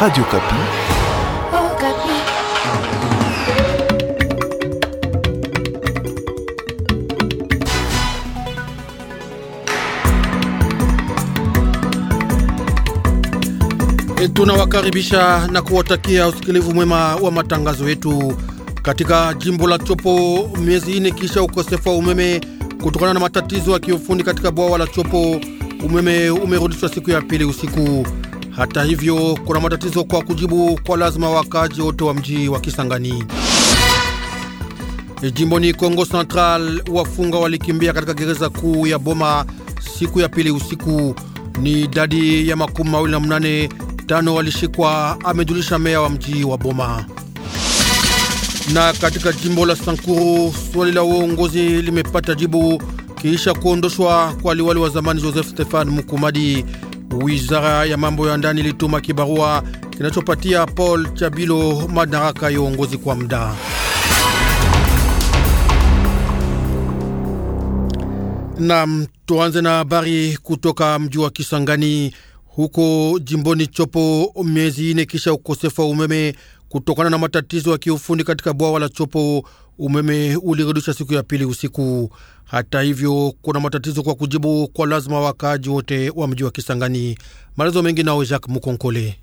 Radio Kapi. Oh, Kapi. Eh, tunawakaribisha na kuwatakia usikilivu mwema wa matangazo yetu. Katika jimbo la Chopo, miezi ine kisha ukosefu wa umeme kutokana na matatizo ya kiufundi katika bwawa la Chopo, umeme umerudishwa siku ya pili usiku. Hata hivyo, kuna matatizo kwa kujibu kwa lazima wakaji wote wa mji wa Kisangani. E, Jimboni Kongo Central, wafunga walikimbia katika gereza kuu ya Boma siku ya pili usiku, ni idadi ya makumi mawili na mnane tano walishikwa, amejulisha meya wa mji wa Boma. Na katika jimbo la Sankuru, swali la uongozi limepata jibu kisha kuondoshwa kwa liwali wa zamani Joseph Stefan Mukumadi. Wizara ya mambo ya ndani ilituma kibarua kinachopatia Paul Chabilo madaraka ya uongozi kwa muda. Nam, tuanze na habari kutoka mji wa Kisangani huko jimboni Chopo. Miezi ine kisha ukosefu wa umeme kutokana na matatizo ya kiufundi katika bwawa la Chopo. Umeme ulirudisha siku ya pili usiku. Hata hivyo, kuna matatizo kwa kujibu kwa lazima wakaaji wote wa mji wa Kisangani. Maelezo mengi nao Jacques Mukonkole.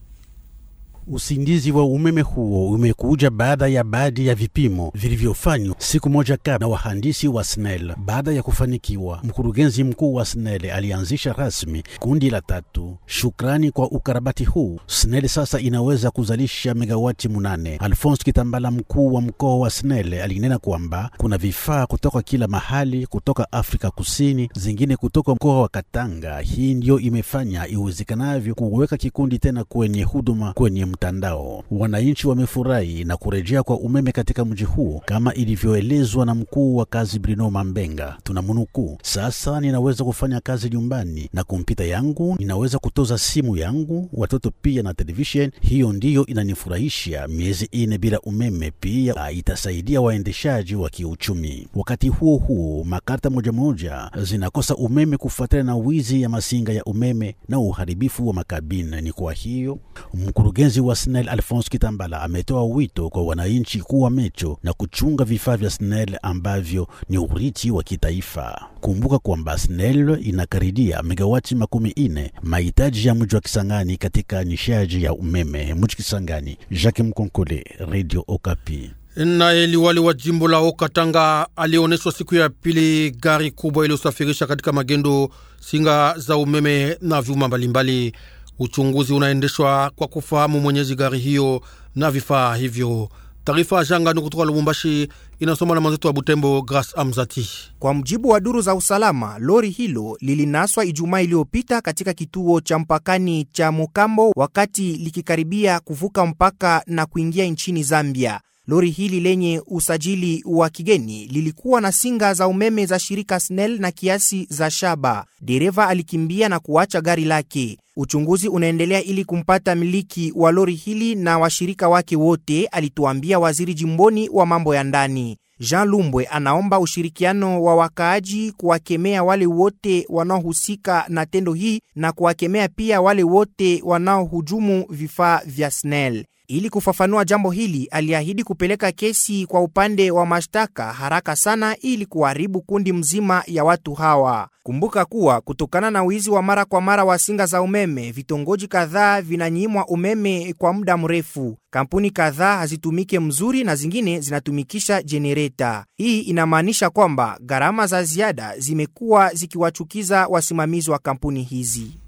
Usindizi wa umeme huo umekuja baada ya baadhi ya vipimo vilivyofanywa siku moja kabla na wahandisi wa SNEL. Baada ya kufanikiwa, mkurugenzi mkuu wa SNEL alianzisha rasmi kundi la tatu. Shukrani kwa ukarabati huu, SNEL sasa inaweza kuzalisha megawati munane. alfonso Kitambala, mkuu wa mkoa wa SNEL, alinena kwamba kuna vifaa kutoka kila mahali, kutoka Afrika Kusini, zingine kutoka mkoa wa Katanga. Hii ndiyo imefanya iwezekanavyo kuweka kikundi tena kwenye huduma kwenye mtandao. Wananchi wamefurahi na kurejea kwa umeme katika mji huo kama ilivyoelezwa na mkuu wa kazi Brino Mambenga, tunamnukuu: sasa ninaweza kufanya kazi nyumbani na kompyuta yangu, ninaweza kutoza simu yangu, watoto pia na televishen Hiyo ndiyo inanifurahisha. Miezi ine bila umeme pia itasaidia waendeshaji wa kiuchumi. Wakati huo huo, makarta moja moja zinakosa umeme kufuatana na wizi ya masinga ya umeme na uharibifu wa makabina Ni kwa hiyo mkurugenzi Kiongozi wa SNEL Alphonse Kitambala ametoa wito kwa wananchi kuwa mecho na kuchunga vifaa vya SNEL ambavyo ni urithi wa kitaifa. Kumbuka kwamba SNEL inakaridia megawati makumi ine mahitaji ya mji wa Kisangani katika nishaji ya umeme. Mji Kisangani, Jacques Mkonkole, Radio Okapi. Naye liwali wa jimbo la Okatanga alioneshwa siku ya pili gari kubwa iliyosafirisha katika magendo singa za umeme na vyuma mbalimbali mbali. Uchunguzi unaendeshwa kwa kufahamu mwenyeji gari hiyo na vifaa hivyo. Taarifa ya Jangano kutoka Lubumbashi inasoma na mwenzetu wa Butembo, Gras Amzati. Kwa mjibu wa duru za usalama, lori hilo lilinaswa Ijumaa iliyopita katika kituo cha mpakani cha Mokambo wakati likikaribia kuvuka mpaka na kuingia nchini Zambia. Lori hili lenye usajili wa kigeni lilikuwa na singa za umeme za shirika SNEL na kiasi za shaba. Dereva alikimbia na kuacha gari lake. Uchunguzi unaendelea ili kumpata miliki wa lori hili na washirika wake wote, alituambia waziri jimboni wa mambo ya ndani. Jean Lumbwe anaomba ushirikiano wa wakaaji kuwakemea wale wote wanaohusika na tendo hii na kuwakemea pia wale wote wanaohujumu vifaa vya SNEL. Ili kufafanua jambo hili, aliahidi kupeleka kesi kwa upande wa mashtaka haraka sana ili kuharibu kundi mzima ya watu hawa. Kumbuka kuwa kutokana na wizi wa mara kwa mara wa singa za umeme, vitongoji kadhaa vinanyimwa umeme kwa muda mrefu. Kampuni kadhaa hazitumike mzuri na zingine zinatumikisha jenereta. Hii inamaanisha kwamba gharama za ziada zimekuwa zikiwachukiza wasimamizi wa kampuni hizi.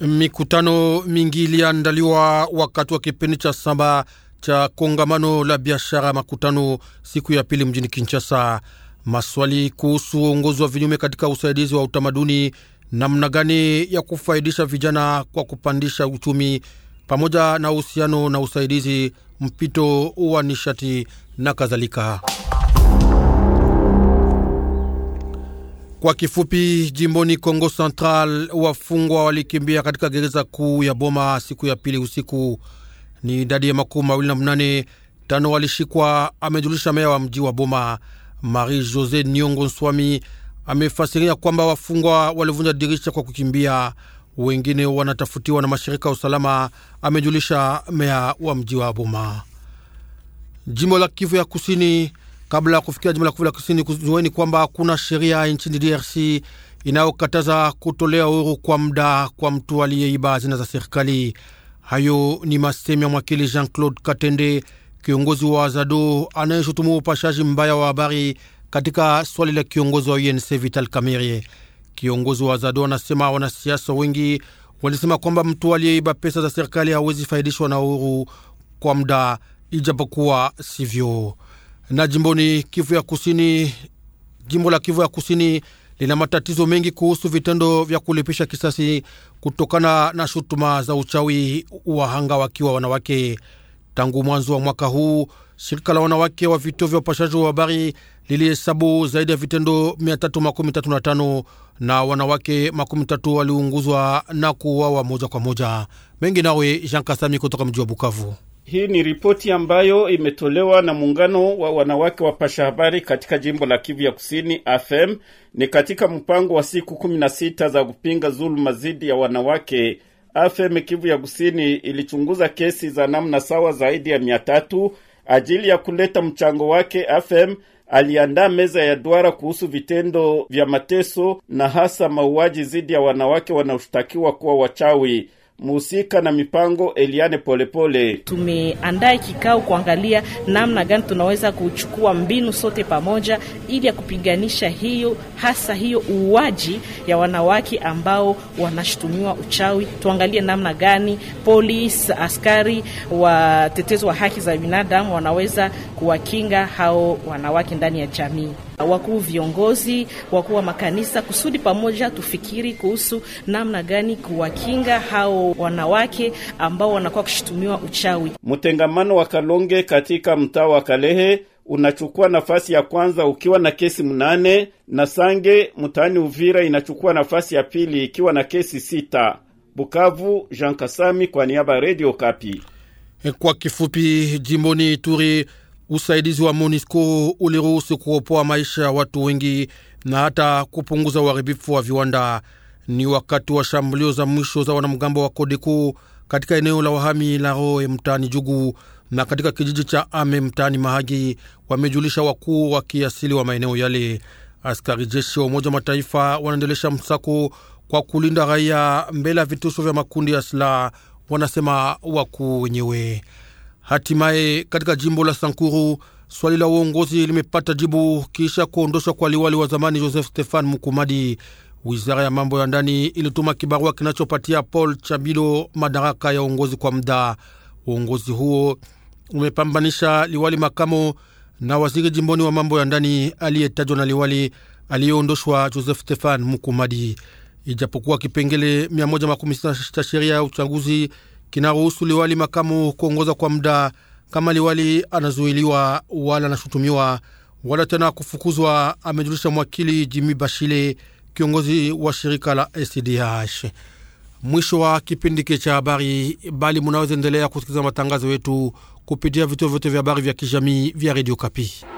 Mikutano mingi iliandaliwa wakati wa kipindi cha saba cha kongamano la biashara makutano siku ya pili mjini Kinshasa. Maswali kuhusu uongozi wa vinyume katika usaidizi wa utamaduni, namna gani ya kufaidisha vijana kwa kupandisha uchumi, pamoja na uhusiano na usaidizi mpito wa nishati na kadhalika. Kwa kifupi, jimboni Kongo Central, wafungwa walikimbia katika gereza kuu ya Boma siku ya pili usiku, ni idadi ya makumi mawili na mnane tano walishikwa, amejulisha meya wa mji wa Boma Marie Jose Niongo Nswami. Amefasiria kwamba wafungwa walivunja dirisha kwa kukimbia, wengine wanatafutiwa na mashirika ya usalama, amejulisha meya wa mji wa Boma. Jimbo la Kivu ya Kusini kabla ya kufikia jimbo la Kivu la Kusini, kujueni kwamba hakuna sheria nchini DRC inayokataza kutolea uhuru kwa muda kwa mtu aliyeiba hazina za serikali. Hayo ni masemi ya mwakili Jean Claude Katende, kiongozi wa ZADO anayeshutumu upashaji mbaya wa habari katika swali la kiongozi wa UNC Vital Kamerhe. Kiongozi wa ZADO anasema wanasiasa wengi walisema kwamba mtu aliyeiba pesa za serikali hawezi faidishwa na uhuru kwa muda, ijapokuwa sivyo. Na jimboni Kivu ya Kusini, jimbo la Kivu ya Kusini lina matatizo mengi kuhusu vitendo vya kulipisha kisasi kutokana na shutuma za uchawi, wahanga wakiwa wanawake. Tangu mwanzo wa mwaka huu, shirika la wanawake wa vituo vya upashaji wa habari lilihesabu zaidi ya vitendo 335 na wanawake 30 waliunguzwa na kuuawa moja kwa moja. Mengi nawe Jean Kasami kutoka mji wa Bukavu. Hii ni ripoti ambayo imetolewa na muungano wa wanawake pasha habari katika jimbo la Kivu ya Kusini, AFM, Ni katika mpango wa siku kumi na sita za kupinga dhuluma dhidi ya wanawake. AFM Kivu ya Kusini ilichunguza kesi za namna sawa zaidi ya mia tatu. Ajili ya kuleta mchango wake, AFM aliandaa meza ya duara kuhusu vitendo vya mateso na hasa mauaji dhidi ya wanawake wanaoshtakiwa kuwa wachawi. Musika na mipango Eliane Polepole, tumeandaa kikao kuangalia namna gani tunaweza kuchukua mbinu sote pamoja, ili ya kupiganisha hiyo hasa hiyo uuaji ya wanawake ambao wanashutumiwa uchawi. Tuangalie namna gani polisi, askari, watetezi wa haki za binadamu wanaweza kuwakinga hao wanawake ndani ya jamii wakuu viongozi, wakuu wa makanisa, kusudi pamoja tufikiri kuhusu namna gani kuwakinga hao wanawake ambao wanakuwa kushutumiwa uchawi. Mtengamano wa Kalonge katika mtaa wa Kalehe unachukua nafasi ya kwanza ukiwa na kesi mnane na Sange mtaani Uvira inachukua nafasi ya pili ikiwa na kesi sita. Bukavu, Jean Kasami kwa niaba ya redio Kapi. Kwa kifupi, jimboni Ituri usaidizi wa MONUSCO uliruhusu kuopoa maisha ya watu wengi na hata kupunguza uharibifu wa viwanda. Ni wakati wa shambulio za mwisho za wanamgambo wa Kodeko katika eneo la wahami la Roe mtaani Jugu na katika kijiji cha Ame mtaani Mahagi, wamejulisha wakuu wa kiasili wa maeneo yale. Askari jeshi wa Umoja wa Mataifa wanaendelesha msako kwa kulinda raia mbele ya vitisho vya makundi ya silaha, wanasema wakuu wenyewe. Hatimaye katika jimbo la Sankuru swali la uongozi limepata jibu kisha kuondoshwa kwa liwali wa zamani Joseph Stefan Mukumadi. Wizara ya mambo ya ndani ilituma kibarua kinachopatia Paul Chabilo madaraka ya uongozi kwa muda. Uongozi huo umepambanisha liwali makamo na waziri jimboni wa mambo ya ndani aliyetajwa na liwali aliyeondoshwa Joseph Stefan Mukumadi, ijapokuwa kipengele 116 cha sheria ya uchaguzi kinaruhusu liwali makamu kuongoza kwa muda kama liwali anazuiliwa wala anashutumiwa wala tena kufukuzwa, amejulisha mwakili Jimi Bashile, kiongozi wa shirika la SDH. Mwisho wa kipindi hiki cha habari, bali munaweza endelea kusikiliza matangazo yetu kupitia vituo vyote vya habari vya kijamii vya redio Kapi.